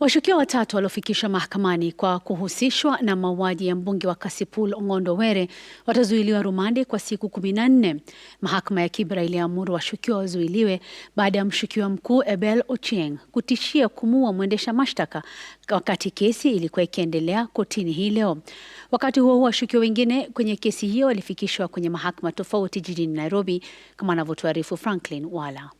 Washukiwa watatu waliofikishwa mahakamani kwa kuhusishwa na mauaji ya mbunge wa Kasipul Ong'ondo Were watazuiliwa rumande kwa siku kumi na nne. Mahakama ya Kibra iliamuru washukiwa wazuiliwe baada ya mshukiwa mkuu Ebel Ochieng kutishia kumuua mwendesha mashtaka wakati kesi ilikuwa ikiendelea kotini hii leo. Wakati huo huo, washukiwa wengine kwenye kesi hiyo walifikishwa kwenye mahakama tofauti jijini Nairobi, kama anavyotuarifu Franklin Wala.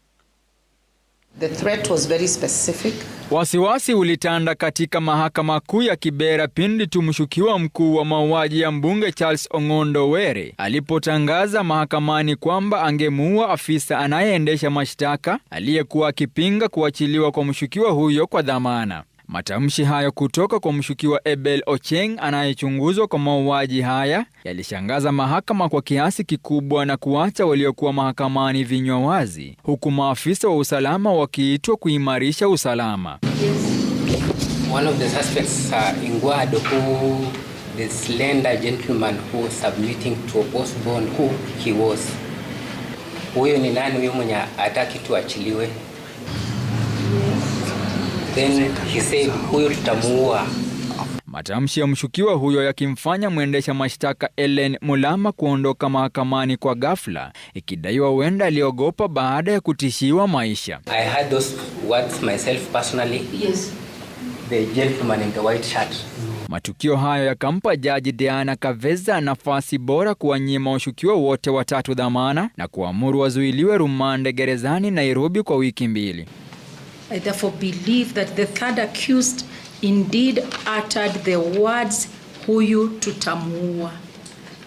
The threat was very specific. Wasiwasi ulitanda katika mahakama kuu ya Kibera pindi tu mshukiwa mkuu wa mauaji ya mbunge Charles Ong'ondo Were alipotangaza mahakamani kwamba angemuua afisa anayeendesha mashtaka aliyekuwa akipinga kuachiliwa kwa mshukiwa huyo kwa dhamana. Matamshi hayo kutoka kwa mshukiwa Abel Ocheng anayechunguzwa kwa mauaji haya yalishangaza mahakama kwa kiasi kikubwa na kuacha waliokuwa mahakamani vinywa wazi, huku maafisa wa usalama wakiitwa kuimarisha usalama. Uh, Huyu ni nani? Huyu mwenye ataki tuachiliwe Then he said tutamuua. Matamshi ya mshukiwa huyo yakimfanya mwendesha mashtaka Ellen Mulama kuondoka mahakamani kwa ghafla, ikidaiwa huenda aliogopa baada ya kutishiwa maisha. Matukio hayo yakampa jaji Diana Kaveza nafasi bora kuwanyima washukiwa wote watatu dhamana na kuamuru wazuiliwe rumande gerezani Nairobi kwa wiki mbili. I therefore believe that the third accused indeed uttered the words huyu tutamua.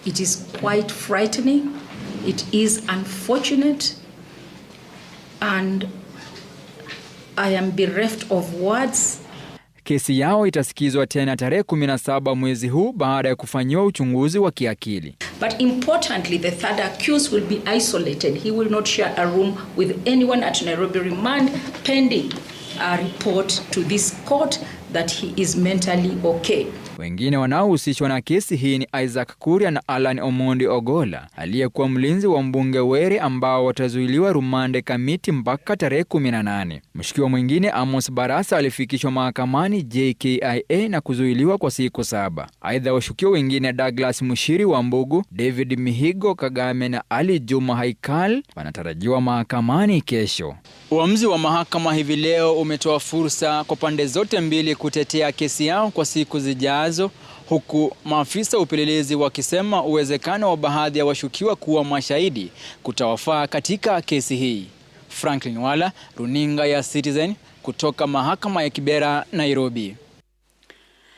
It is quite frightening. It is unfortunate. And I am bereft of words Kesi yao itasikizwa tena tarehe 17 mwezi huu baada ya kufanyiwa uchunguzi wa kiakili. But importantly the third accused will be isolated. He will not share a room with anyone at Nairobi remand pending a report to this court that he is mentally okay. Wengine wanaohusishwa na kesi hii ni Isaac Kuria na Alan Omondi Ogola aliyekuwa mlinzi wa mbunge Were ambao watazuiliwa rumande kamiti mpaka tarehe 18. Mshukiwa mwingine Amos Barasa alifikishwa mahakamani JKIA na kuzuiliwa kwa siku saba. Aidha, washukiwa wengine Douglas Mushiri wa Mbugu, David Mihigo Kagame na Ali Juma Haikal wanatarajiwa mahakamani kesho. Uamuzi wa mahakama hivi leo umetoa fursa kwa pande zote mbili kutetea kesi yao kwa siku zijazo, huku maafisa upelelezi wakisema uwezekano wa baadhi ya washukiwa kuwa mashahidi kutawafaa katika kesi hii. Franklin Wala, runinga ya Citizen, kutoka mahakama ya Kibera, Nairobi.